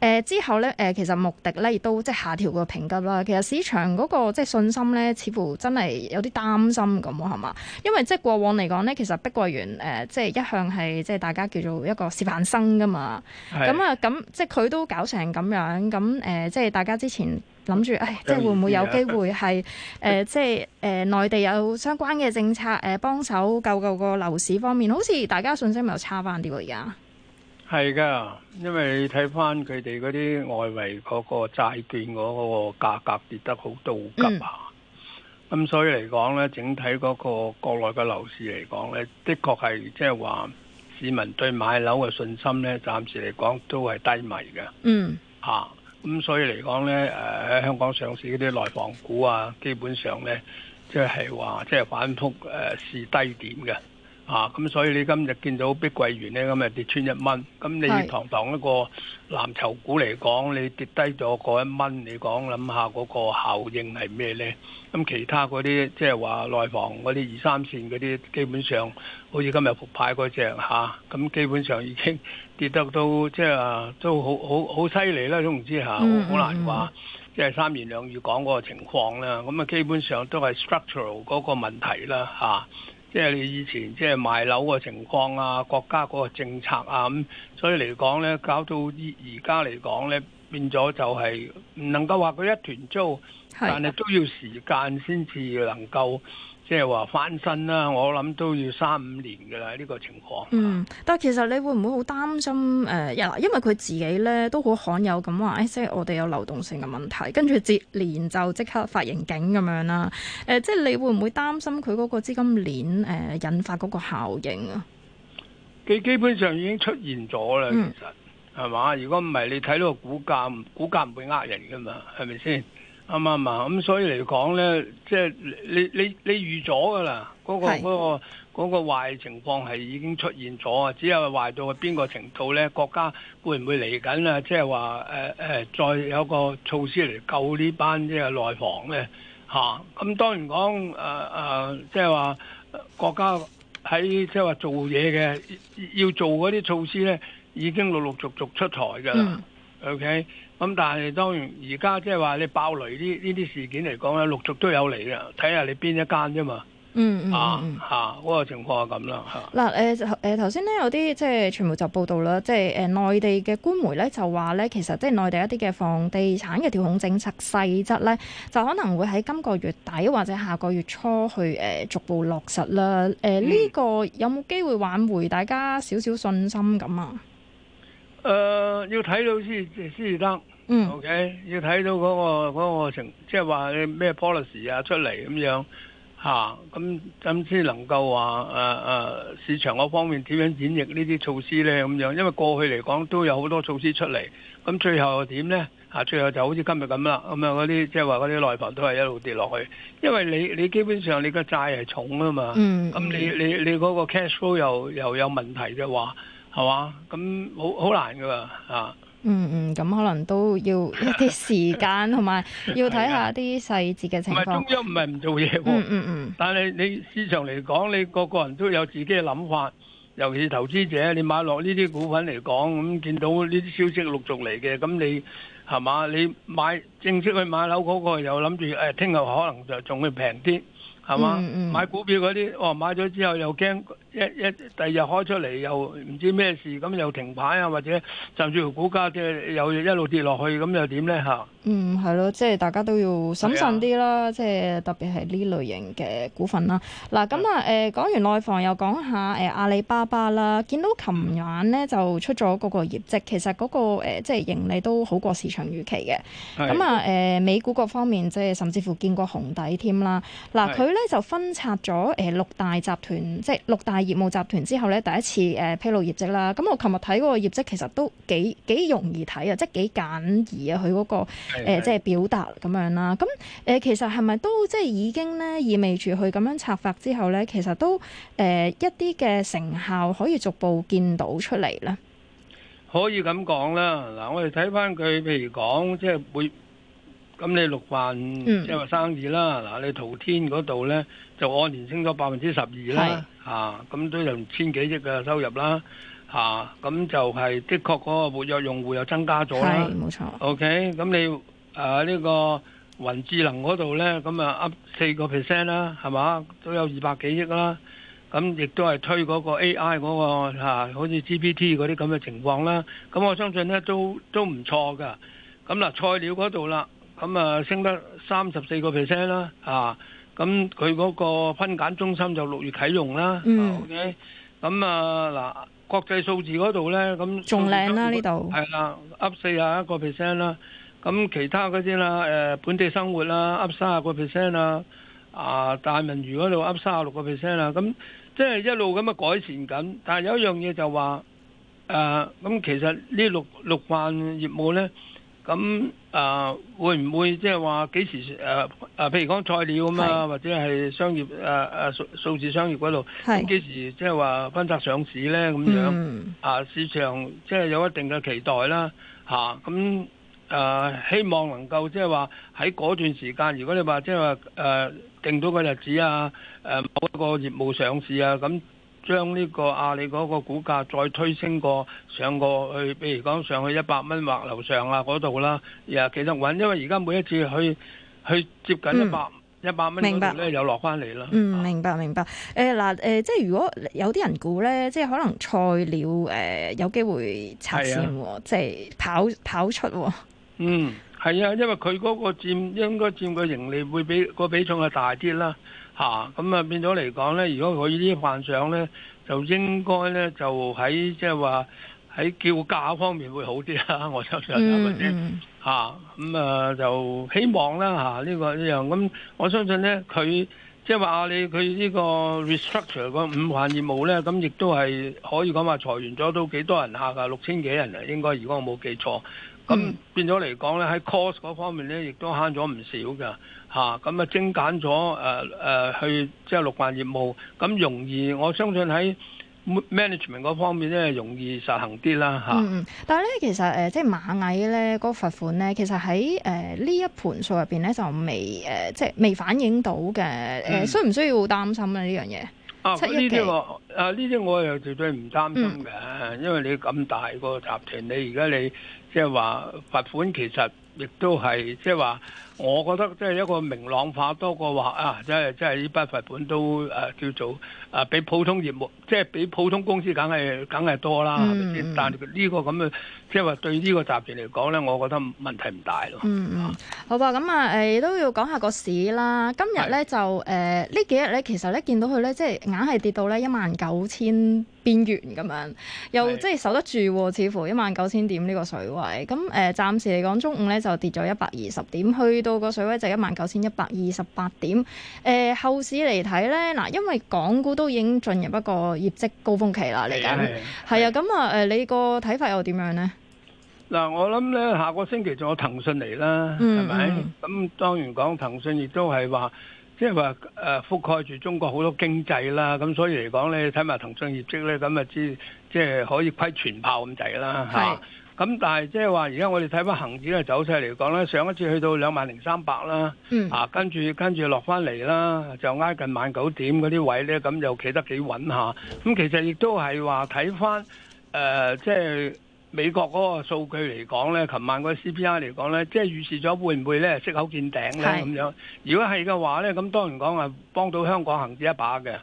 F: 誒、呃、之後咧，誒、呃、其實穆迪咧亦都即係下調個評級啦。其實市場嗰、那個即係信心咧，似乎真係有啲擔心咁啊，係嘛？因為即係過往嚟講咧，其實碧桂園誒、呃、即係一向係即係大家叫做一個示範生噶嘛。咁啊是，咁即係佢都搞成咁樣，咁誒、呃、即係大家之前諗住，誒即係會唔會有機會係誒、啊 呃、即係誒、呃、內地有相關嘅政策誒、呃、幫手救救個，個樓市方面？好似大家信心咪又差翻啲喎，而家。
L: 係噶，因為你睇翻佢哋嗰啲外圍嗰個債券嗰個價格跌得好倒急啊！咁、嗯嗯、所以嚟講咧，整體嗰個國內嘅樓市嚟講咧，的確係即係話市民對買樓嘅信心咧，暫時嚟講都係低迷嘅、嗯啊。
F: 嗯，
L: 吓咁所以嚟講咧，誒、呃、香港上市嗰啲內房股啊，基本上咧即係話即係反復誒是低點嘅。 啊，咁、嗯、所以你今日見到碧桂園咧咁啊跌穿一蚊，咁你堂堂一個藍籌股嚟講，你跌低咗嗰一蚊，你講諗下嗰個效應係咩咧？咁其他嗰啲即係話內房嗰啲二三線嗰啲，基本上好似今日復牌嗰隻嚇，咁基本上已經跌得到即係都好好好犀利啦，總唔知嚇，好難話，即係三言兩語講嗰個情況啦。咁啊，基本上都係 structural 嗰個問題啦，嚇。即係你以前即係賣樓嘅情況啊，國家嗰個政策啊咁，所以嚟講呢，搞到而而家嚟講呢，變咗就係唔能夠話佢一團糟，但係都要時間先至能夠。即係話翻身啦，我諗都要三五年噶啦，呢個情況。嗯，
F: 但係其實你會唔會好擔心？誒、呃，因因為佢自己咧都好罕有咁話，誒、哎，即係我哋有流動性嘅問題，跟住接連就即刻發盈警咁樣啦。誒、呃，即係你會唔會擔心佢嗰個資金鏈誒、呃、引發嗰個效應啊？
L: 佢基本上已經出現咗啦，其實係、嗯、嘛？如果唔係你睇到個股價，股價唔會呃人噶嘛，係咪先？啱唔啱啊？咁、嗯嗯、所以嚟講咧，即係你你你預咗噶啦，嗰個、嗰個嗰個是、嗰個嗰個壞情況係已經出現咗啊！只有壞到去邊個程度咧？國家會唔會嚟緊啊？即係話誒誒，再有個措施嚟救呢班即係內房咧嚇？咁、啊嗯、當然講誒誒，即係話國家喺即係話做嘢嘅要做嗰啲措施咧，已經陸陸續續出台噶啦。嗯、OK。咁但係當然，而家即係話你爆雷呢？呢啲事件嚟講咧，陸續都有嚟啦，睇下你邊一間啫嘛、嗯。
F: 嗯啊嗯
L: 啊嚇，嗰個情況係咁啦嚇。
F: 嗱，誒誒頭先咧有啲即係傳媒就報道啦，即係誒內地嘅官媒咧就話咧，其實即係內地一啲嘅房地產嘅調控政策細則咧，就可能會喺今個月底或者下個月初去誒、呃、逐步落實啦。誒、呃、呢、嗯、個有冇機會挽回大家少少信心咁啊？嗯
L: 誒、呃，要睇到先先至得，嗯，OK，要睇到嗰，那個嗰，那個情，即係話咩 policy 啊出嚟咁樣吓，咁咁先能夠話，誒、啊、誒、啊，市場嗰方面點樣演繹呢啲措施咧咁樣？因為過去嚟講都有好多措施出嚟，咁最後點咧嚇？最後就好似今日咁啦，咁啊嗰啲即係話嗰啲內房都係一路跌落去，因為你你基本上你個債係重啊嘛，嗯，嗯，咁你你你嗰個 cash flow 又又，又有問題嘅話。係嘛？咁好好難噶啦、啊嗯，嗯嗯，
F: 咁可能都要一啲時間，同埋 要睇下啲細節嘅情況。唔係，
L: 中央唔係唔做嘢喎、啊嗯。嗯嗯但係你市場嚟講，你個個人都有自己嘅諗法。尤其投資者，你買落呢啲股份嚟講，咁見到呢啲消息陸續嚟嘅，咁你係嘛？你買正式去買樓嗰個又諗住誒，聽、哎、日可能就仲會平啲，係嘛、嗯？嗯買股票嗰啲，哦，買咗之後又驚。一一第二日開出嚟又唔知咩事，咁又停牌啊，或者甚至乎股價即係又一路跌落去，咁又點呢？嚇？嗯，
F: 係咯，即係大家都要審慎啲啦，的即係特別係呢類型嘅股份啦。嗱、啊，咁啊誒，講完內房又講下誒阿里巴巴啦。見到琴晚呢就出咗嗰個業績，其實嗰、那個即係盈利都好過市場預期嘅。係的。咁啊誒，美股各方面即係甚至乎見過紅底添啦。嗱、啊，佢呢就分拆咗誒六大集團，即係六大。業務集團之後咧，第一次誒披露業績啦。咁、嗯、我琴日睇嗰個業績、呃啊嗯呃，其實都幾幾容易睇啊，即係幾簡易啊，佢嗰個誒即係表達咁樣啦。咁誒，其實係咪都即係已經咧意味住佢咁樣策劃之後咧，其實都誒一啲嘅成效可以逐步見到出嚟咧？
L: 可以咁講啦。嗱，我哋睇翻佢，譬如講即係會。咁你六萬即係話生意啦，嗱你淘天嗰度咧就按年升咗百分之十二啦，嚇咁都有千幾億嘅收入啦，嚇咁就係的確嗰個活躍用戶又增加咗啦，
F: 冇
L: 錯。O K，咁你誒呢個雲智能嗰度咧，咁啊 up 四個 percent 啦，係咪都有二百幾億啦，咁亦都係推嗰個 A I 嗰個嚇，好似 G P T 嗰啲咁嘅情況啦，咁我相信咧都都唔錯噶。咁嗱，菜鳥嗰度啦。咁啊，升得三十四個 percent 啦，啊！咁佢嗰個分揀中心就六月啟用啦，OK。咁啊嗱，國際數字嗰度咧，咁仲靚啦呢度，係啦，up 四十一個 percent 啦。咁其他嗰啲啦，誒本地生活啦，up 三十個 percent 啦，啊大文娛嗰度 up 三十六個 percent 啦。咁即係一路咁啊改善緊。但係有一樣嘢就話，啊咁其實呢六六萬業務咧。咁啊，會唔會即係話幾時誒誒，譬如講菜鳥咁啊，嘛是或者係商業誒誒，啊、數數字商業嗰度，幾是時即係話分拆上市咧？咁樣，mm hmm. 啊，市場即係有一定嘅期待啦嚇。咁啊，啊，希望能夠即係話喺嗰段時間，如果你話即係話誒定到個日子啊，誒某一個業務上市啊咁。將呢個阿里嗰個股價再推升過上過去，比如講上去一百蚊或樓上啊嗰度啦，又其實穩，因為而家每一次去去接近一百一百蚊嗰度咧，嗯、又落翻嚟啦。嗯，
F: 明白、啊、明白。誒嗱，誒、呃呃呃、即係如果有啲人估咧，即係可能菜鳥誒、呃、有機會拆線，啊、即係跑跑出、哦。嗯，
L: 係啊，因為佢嗰個佔應該佔個盈利會比個比，比重係大啲啦。啊，咁啊變咗嚟講咧，如果佢呢啲幻想咧，就應該咧就喺即係話喺叫價方面會好啲啦。 我相信係咪先？啊，咁啊就希望啦嚇呢、啊這個一樣。咁、啊、我相信咧，佢即係話你佢呢個 restructure 個五環業務咧，咁亦都係可以講話裁員咗都幾多人下㗎，六千幾人啊應該。如果我冇記錯，咁變咗嚟講咧喺 cost 嗰方面咧，亦都慳咗唔少㗎。吓咁啊精簡咗誒誒去即係、就是、六萬業務咁容易，我相信喺 management 方面咧容易實行啲啦吓。啊、嗯
F: 但係咧其實誒即係螞蟻咧個罰款咧，其實喺誒、呃、呢、那個呢呃、一盤數入邊咧就未誒、呃、即係未反映到嘅誒，需唔、嗯、需要擔心咧、啊、呢樣嘢、啊
L: 啊。啊，呢啲啊呢啲我又絕對唔擔心嘅，嗯、因為你咁大個集團，你而家你即係話罰款，其實亦都係即係話。就是我覺得即係一個明朗化多過話啊！即係即係呢筆罰本都誒叫做誒、啊、比普通業務，即係比普通公司梗係梗係多啦，嗯、但呢個咁嘅即係話對呢個集團嚟講咧，我覺得問題唔大咯。嗯嗯，
F: 好吧，咁啊誒都要講下個市啦。今日咧是就誒呢、嗯、幾日咧，其實咧見到佢咧，即係硬係跌到咧一萬九千邊緣咁樣，又即係守得住喎。似乎一萬九千點呢個水位，咁、嗯、誒、嗯、暫時嚟講，中午咧就跌咗一百二十點，去到。到個水位就一萬九千一百二十八點。誒後市嚟睇咧，嗱，因為港股都已經進入一個業績高峯期啦，嚟緊係啊。咁啊，誒，你個睇法又點樣咧？
L: 嗱，我諗咧，下個星期仲有騰訊嚟啦，係咪？咁當然講騰訊，亦都係話，即係話誒覆蓋住中國好多經濟啦。咁所以嚟講咧，睇埋騰訊業績咧，咁咪知，即係可以窺全豹咁滯啦。係。咁但係即係話，而家我哋睇翻恒指咧走勢嚟講咧，上一次去到兩萬零三百啦，嗯、啊跟住跟住落翻嚟啦，就挨近萬九點嗰啲位咧，咁又企得幾穩下。咁其實亦都係話睇翻誒，即、呃、係、就是、美國嗰個數據嚟講咧，琴晚嗰個 CPI 嚟講咧，即、就、係、是、預示咗會唔會咧息口見頂咧咁是樣。如果係嘅話咧，咁當然講係幫到香港恒指一把嘅。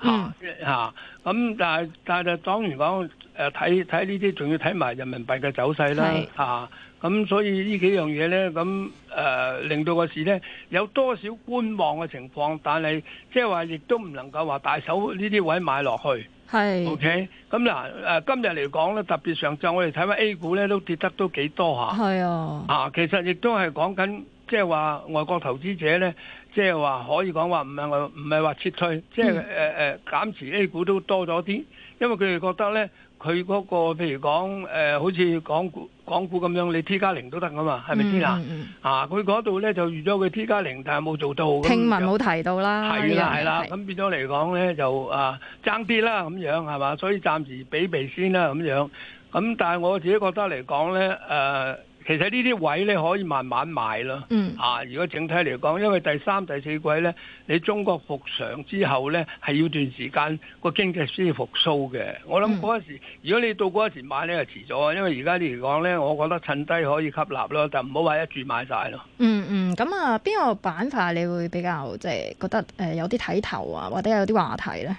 L: 嗯、啊，嚇！咁但係但係，當然講誒睇睇呢啲，仲要睇埋人民幣嘅走勢啦。係咁是、啊嗯、所以呢幾樣嘢咧，咁、呃、誒令到個市咧有多少觀望嘅情況，但係即係話亦都唔能夠話大手呢啲位買落去。係是，OK、嗯。咁嗱誒，今日嚟講咧，特別上晝我哋睇翻 A 股咧，都跌得都幾多嚇。係啊，啊，啊，其實亦都係講緊即係話外國投資者咧。即係話可以講話唔係唔係話撤退，即係誒誒減持 A 股都多咗啲，因為佢哋覺得咧，佢嗰個譬如講誒、呃，好似港股港股咁樣，你 T 加零都得噶嘛，係咪先啊？啊，佢嗰度咧就預咗佢 T 加零，但係冇做到。聽聞
F: 冇提到啦，係啦係啦，
L: 咁變咗嚟講咧就啊爭啲啦咁樣係嘛，所以暫時避避先啦咁樣。咁但係我自己覺得嚟講咧誒。呃呃其實呢啲位咧可以慢慢買咯，嗯、啊！如果整體嚟講，因為第三、第四季咧，你中國復常之後咧，係要段時間個經濟先至復甦嘅。我諗嗰陣時，如果你到嗰陣時買咧，就遲咗。因為而家嚟講咧，我覺得趁低可以吸納咯，就唔好話一住買晒咯、嗯。
F: 嗯嗯，咁啊，邊個板塊你會比較即係、就是、覺得誒有啲睇頭啊，或者有啲話題咧？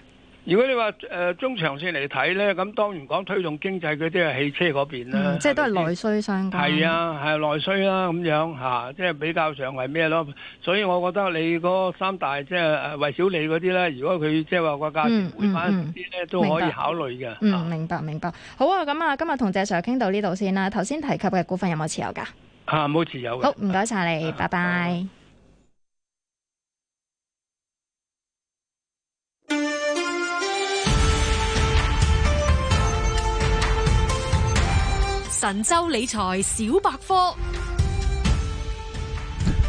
L: 如果你話誒中長線嚟睇咧，咁當然講推動經濟嗰啲係汽車嗰邊啦，即係、
F: 嗯、都係內需相關。係啊，
L: 係內需啦、啊、咁樣嚇、啊，即係比較上係咩咯？所以我覺得你嗰三大即係為小利嗰啲咧，如果佢即係話個價錢回翻啲咧，嗯嗯嗯、都可以考慮嘅、嗯。
F: 嗯，明白、啊、明白明白。好啊，咁啊，今日同謝 Sir 傾到呢度先啦。頭先提及嘅股份有冇持有噶？
L: 啊，冇持有。好，唔
F: 該晒你，啊、拜拜。啊
B: 神州理財小百科，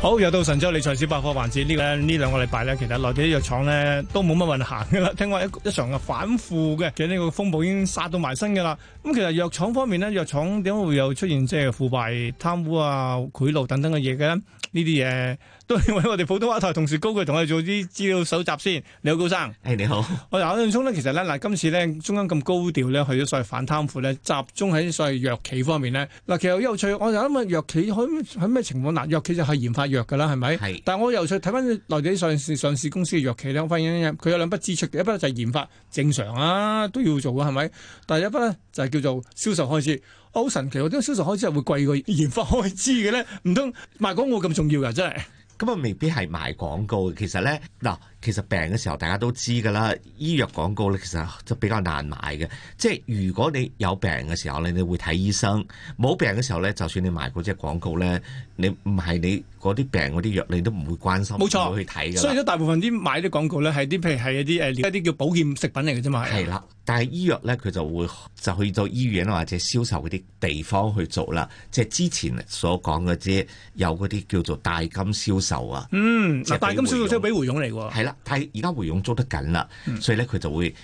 I: 好，又到神州理財小百科環節。呢個呢呢兩個禮拜咧，其實內地啲藥廠咧都冇乜運行噶啦。聽聞一一場嘅反腐嘅嘅呢個風暴已經殺到埋身噶啦。咁其實藥廠方面咧，藥廠點解會有出現即係腐敗、貪污啊、賄賂等等嘅嘢嘅咧？呢啲嘢。都係為我哋普通話台同事高佢同佢做啲資料搜集先。你好，高生。誒，hey, 你好。我話阿聰咧，其實咧嗱，今次咧中央咁高調咧，去咗所謂反貪腐咧，集中喺所謂藥企方面咧。嗱，其實有趣，我諗啊，藥企喺咩情況？嗱，藥企就係研發藥嘅啦，係咪？是但係我有趣睇翻內地上市上市公司嘅藥企咧，我發現佢有兩筆支出嘅，一筆就係研發，正常啊都要做嘅，係咪？但係一筆咧就係叫做銷售開支。我、哦、好神奇，我點解銷售開支係會貴過研發開支嘅咧？唔
K: 通賣廣告咁重要㗎？真係。咁啊，未必係賣廣告，其實咧嗱。其實病嘅時候大家都知噶啦，醫藥廣告咧其實就比較難買嘅。即係如果你有病嘅時候咧，你會睇醫生；冇病嘅時候咧，就算你買嗰隻廣告咧，你唔係你嗰啲病嗰啲藥，你都唔會關心，冇錯會去睇噶。所以大部分啲買啲廣告咧，係啲譬如係一啲誒一啲叫保健食品嚟嘅啫嘛。係啦的，嗯、但係醫藥咧，佢就會就去到醫院或者銷售嗰啲地方去做啦。即係之前所講嘅啲有嗰啲叫做大金銷售啊。
I: 嗯，大金銷售即係俾回傭嚟㗎。
K: 但係而家回佣捉得緊啦，所以咧佢就會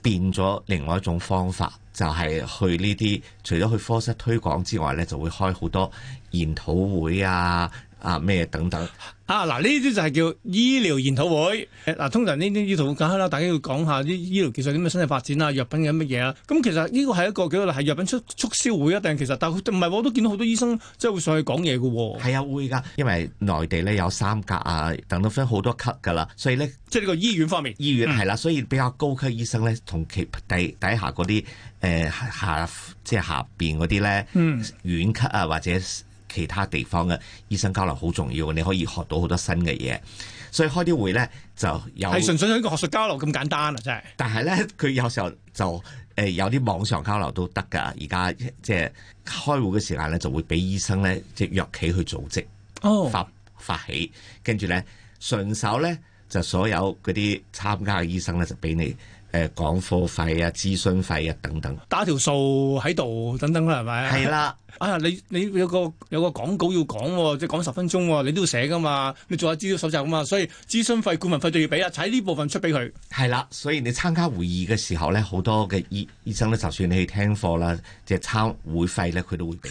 K: 變咗另外一種方法，就係、是、去呢啲除咗去科室推廣之外咧，就會開好多研討會啊。啊咩等等
I: 啊嗱，呢啲就係叫醫療研討會嗱、啊、通常呢啲要同大家啦，大家要講下啲醫療技術點樣新嘅發展啊，藥品有乜嘢啊，咁其實呢個係一個幾多啦，係藥品促促銷會啊，定其實但係唔係我都見到好多醫生即係會上去講嘢嘅喎。
K: 係啊會噶，因為內地咧有三甲啊，等到分好多級噶啦，所以咧即係呢個醫院方面，醫院係啦、嗯，所以比較高級醫生咧同其底底下嗰啲誒下即係下邊嗰啲咧，院、嗯、級啊或者。其他地方嘅醫生交流好重要嘅，你可以學到好多新嘅嘢，所以開啲會咧就有係純粹一個學術交流咁簡單啊！真係，但係咧佢有時候就誒、呃、有啲網上交流都得噶，而家即係開會嘅時間咧就會俾醫生咧即係藥企去組織哦發發起，跟住咧順手咧就所有嗰啲參加嘅醫生咧就俾你。誒，講課費啊、諮詢費啊等等，打條
I: 數喺度等等啦，係咪？係啦，啊，你你有個有個講稿要講、啊，即係講十分鐘、啊，你都要寫噶嘛，你做下資料搜集噶嘛，所以諮詢費、顧問費就要俾啊，喺呢
K: 部分出俾佢。係啦，所以你參加會議嘅時候咧，好多嘅醫醫生咧，就算你去聽課啦，即係參會費咧，佢都會俾。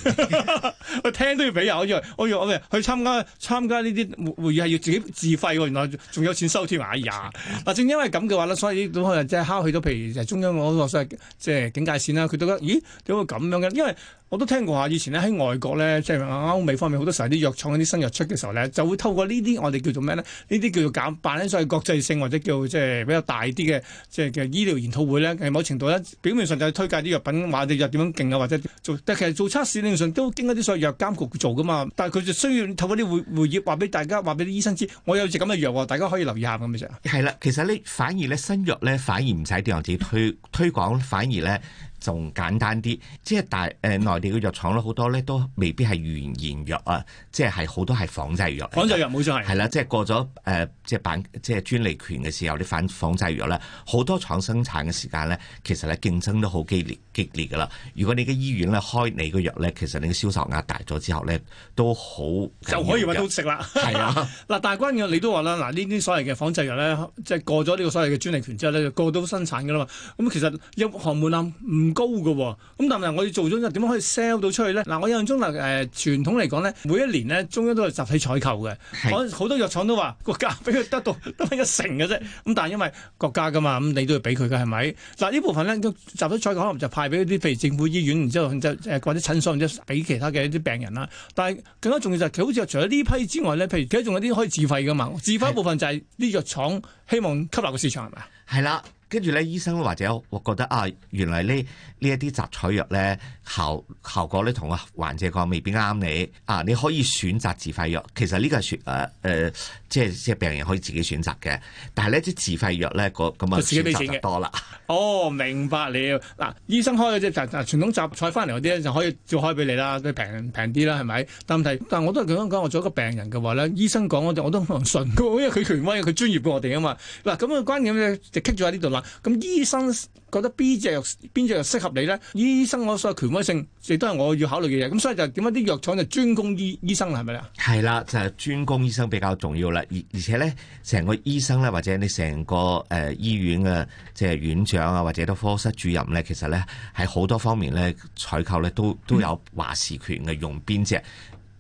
K: 我聽都要俾啊我我，我以為我以
I: 為我去參加參加呢啲會議係要自己自費、啊，原來仲有錢收添、啊，哎呀！嗱， 正因為咁嘅話咧，所以呢都可能即係。他去到譬如就中央，我落實即係警戒線啦。佢都覺得咦點會咁樣嘅？因為。我都聽過啊！以前呢喺外國呢，即係歐美方面好多時候啲藥廠啲新藥出嘅時候呢，就會透過呢啲我哋叫做咩呢，呢啲叫做搞辦一啲所謂國際性或者叫即係比較大啲嘅即係嘅醫療研討會呢，某程度呢，表面上就推介啲藥品話啲藥點樣勁啊，或者做，但其實做測試呢樣都經過啲所謂藥監局做噶嘛，但係佢就需要透過啲會會議話俾大家話俾啲醫生知，我有隻咁嘅藥，大家可以留意下咁咪啫。
K: 係啦，其實呢，反而呢，新藥呢，反而唔使點樣子推推廣，反而呢。仲簡單啲，即係大誒內、呃、地嘅藥廠咧，好多咧都未必係原研藥啊，即係係好多係仿製藥。仿製藥冇錯係。係啦但，即係過咗誒、呃，即係版即係專利權嘅時候，啲反仿製藥咧，好多廠生產嘅時間咧，其實咧競爭都好激烈激烈㗎啦。如果你嘅醫院咧開你嘅藥咧，其實你嘅銷售額大咗之後咧，都好就可以揾都食啦。係啊，嗱，但係關鍵你都話啦，嗱呢啲所謂嘅仿製藥咧，即、就、係、是、
I: 過咗呢個所謂嘅專利權之後咧，就過到生產㗎啦嘛。咁其實一項門檻高嘅，咁但係我哋做咗點樣可以 sell 到出去呢？嗱，呃，我印象中誒，呃、傳統嚟講咧，每一年咧中央都係集體採購嘅，好是多藥廠都話國家俾佢得到都係一成嘅啫。咁但係因為國家噶嘛，咁你都要俾佢嘅係咪？嗱，呃，呢部分呢，集體採購可能就派俾一啲譬如政府醫院，然之後誒、呃，或者診所，然之後俾其他嘅一啲病人啦。但係更加重要就係佢好似除咗呢批之外呢，譬如其實仲有啲可以自費噶嘛，自費部分就係啲藥廠希望吸納個市場係咪？
K: 係啦。是跟住咧，醫生或者我覺得啊，原來呢呢一啲雜菜藥咧效效果咧同個患者講未必啱你啊，你可以選擇自費藥。其實呢個係誒誒，即係即係病人可以自己選擇嘅。但係呢啲自費藥咧，個咁啊選擇就多啦。
I: 哦，明白了。嗱，醫生開嗰啲就傳統雜菜翻嚟嗰啲咧就可以照開俾你啦，平平啲啦，係咪？但但係我都咁樣講，我做一個病人嘅話咧，醫生講嗰啲我都可能信，因為佢權威，佢專業過我哋啊嘛。嗱，咁啊關鍵咧就棘咗喺呢度啦。咁醫生覺得邊隻邊隻藥適合你咧？醫生我所謂權威性亦都係我要考慮嘅嘢。咁所以就點解啲藥廠就專攻醫醫生啦？係咪啊？
K: 係啦，就係、是、專攻醫生比較重要啦。而而且咧，成個醫生咧，或者你成個誒醫院嘅即係院長啊，或者都科室主任咧，其實咧喺好多方面咧採購咧都都有話事權嘅，嗯、用邊隻，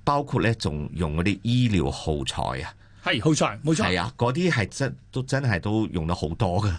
K: 包括咧仲用嗰啲醫療耗材啊。係，好彩冇錯。係啊，嗰啲係真都真係都用得好多噶，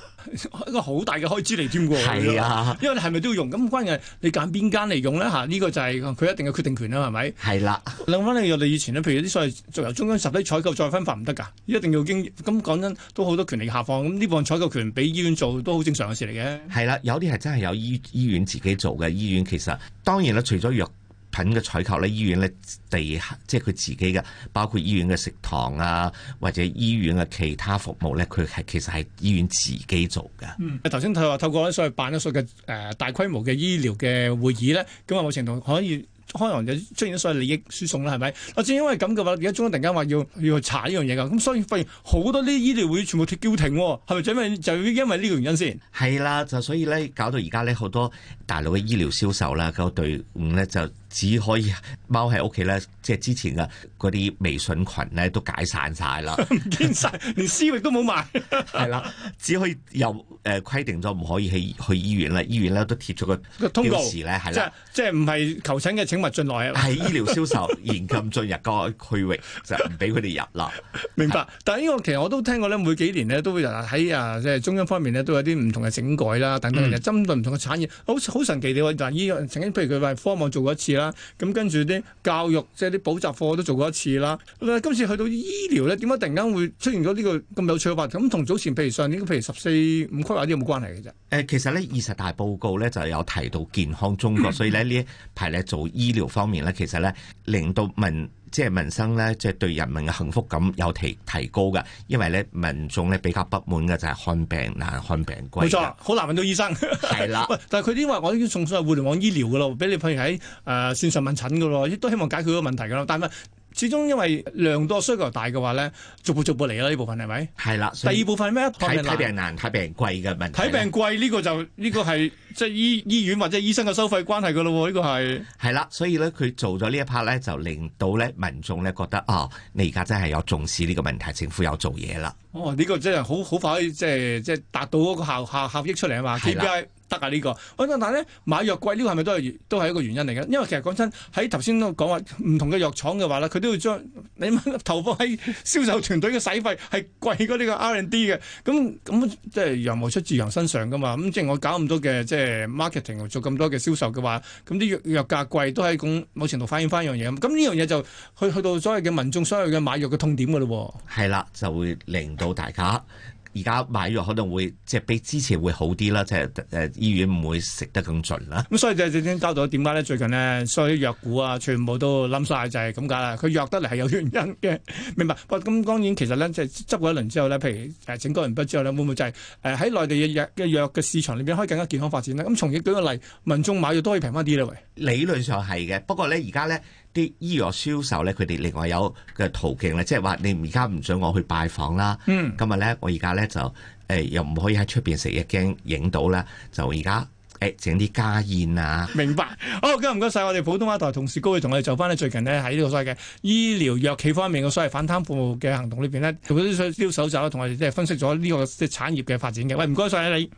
I: 一個好大嘅開支嚟添喎。係啊，因為你係咪都要用？咁關鍵係你揀邊間嚟用咧吓？呢、啊這個就係佢一定嘅決定權啦，係咪？係啦、啊。諗返你我哋以前譬如啲所謂由中央十啲採購再分發唔得噶，一定要經，咁講真，都好多權利下放。咁呢個採購權俾醫院做都好正常嘅事嚟嘅。
K: 係啦、啊，有啲係真係有醫醫院自己做嘅。醫院其實當然啦，除咗藥品嘅採購咧，醫院咧地即係佢自己嘅，包括醫院嘅食堂啊，或者醫院嘅其他服務咧，佢係其實係醫院自己做嘅。
I: 嗯，頭先佢話透過一啲所謂辦一啲所謂誒大規模嘅醫療嘅會議咧，咁啊，某程度可以可能就出現咗所謂利益輸送啦，係咪？啊，正因為咁嘅話，而家中央突然間話要要去查呢樣嘢嘅，咁所以發現好多啲醫療會全部叫停，係
K: 咪？因為就因為呢個原因先係啦，就所以咧搞到而家咧好多大陸嘅醫療銷售啦、個隊伍咧就。只可以踎喺屋企咧，即係之前嘅嗰啲微信群咧都解散晒啦，唔見晒，連私域都冇埋，係 啦，只可以又誒、呃、規定咗唔可以去去醫院啦，醫院咧都貼咗個通告咧，係啦，即係唔係求診嘅請勿進來啊，係醫療銷售嚴禁進入個區域就，就唔俾佢哋入啦。
I: 明白，是但係呢個其實我都聽過咧，每幾年咧都會有喺啊，即係中央方面咧都有啲唔同嘅整改啦等等，就針對唔同嘅產業，好好神奇你喎，但係曾經譬如佢話科網做過一次啦。咁跟住啲教育，即係啲補習課都做過一次啦。今次去到醫療咧，點解突然間會出現咗呢個咁有趣嘅話題？咁同早前譬如上年譬如十四五規劃啲有冇關係嘅啫？
K: 誒，5, 其實咧二十大報告咧就有提到健康中國，所以咧呢一排咧做醫療方面咧，其實咧令到民。即係民生咧，即係對人民嘅幸福感有提提高嘅，因為咧民眾咧比較不滿嘅就係看病難、看病貴。冇錯，
I: 好難揾到醫生。係 啦的。喂，但係佢啲話我已經送上互聯網醫療嘅咯，俾你譬如喺誒、呃、線上問診嘅咯，亦都希望解決個問題嘅咯，但係。始終因為量多需求大嘅話咧，逐步逐步嚟啦。呢部分係咪？係啦。第二部分係咩？睇睇病
K: 難，睇體難病貴嘅問題。睇病貴呢、這個就呢、這個係 即係醫醫院或者醫生嘅收費關係噶咯，呢、這個係。係啦，所以咧佢做咗呢一 part 咧，就令到咧民眾咧覺得啊、哦，你而家真係有重視呢個問題，政府有做嘢啦。
I: 哦，呢個真係好好快即係即係達到嗰個效效效益出嚟啊嘛？點解得啊呢個。咁但係咧買藥貴，呢個係咪都係都係一個原因嚟嘅？因為其實講真，喺頭先都講話唔同嘅藥廠嘅話啦，佢都要將。你問 投放喺銷售團隊嘅使費係貴過呢個 R&D 嘅，咁咁即係羊毛出自羊身上噶嘛？咁即係我搞咁多嘅即係 Marketing 做咁多嘅銷售嘅話，咁啲藥藥價貴都係咁某程度反映翻一樣嘢，咁呢樣嘢就去去到所謂嘅
K: 民眾，所謂嘅買藥嘅痛點噶咯喎。係啦，就會令到大家。 而家買藥可能會即係比之前會好啲啦，即係誒、呃、醫院唔會食得咁盡啦。咁、嗯、所以就
I: 正正交代咗點解咧？最近呢，所有藥股啊，全部都冧晒，就係咁解啦。佢弱得嚟係有原因嘅，明白。咁、嗯、當然其實咧，即係執過一輪之後咧，譬如誒、呃、整過一輪之後咧，會唔會就係誒喺內地嘅藥嘅藥嘅市場裏邊可以更加健康發展咧？咁、嗯、從而舉個例，民眾買藥都可
K: 以平翻啲啦。喂，理論上係嘅，不過咧，而家咧。啲醫藥銷售咧，佢哋另外有嘅途徑咧，即係話你而家唔準我去拜訪啦。嗯、今日咧，我而家咧就誒又唔可以喺出邊食嘢，驚影到啦。就而家誒整啲家宴啊。明白。好，咁唔該晒。我哋普通話台同事高，佢同我哋做翻咧最近呢，喺呢個所謂嘅醫療藥
I: 企方面嘅所謂反貪腐嘅行動裏邊咧，佢啲銷銷售就同我哋即係分析咗呢個即係產業嘅發展嘅。喂，唔該晒你。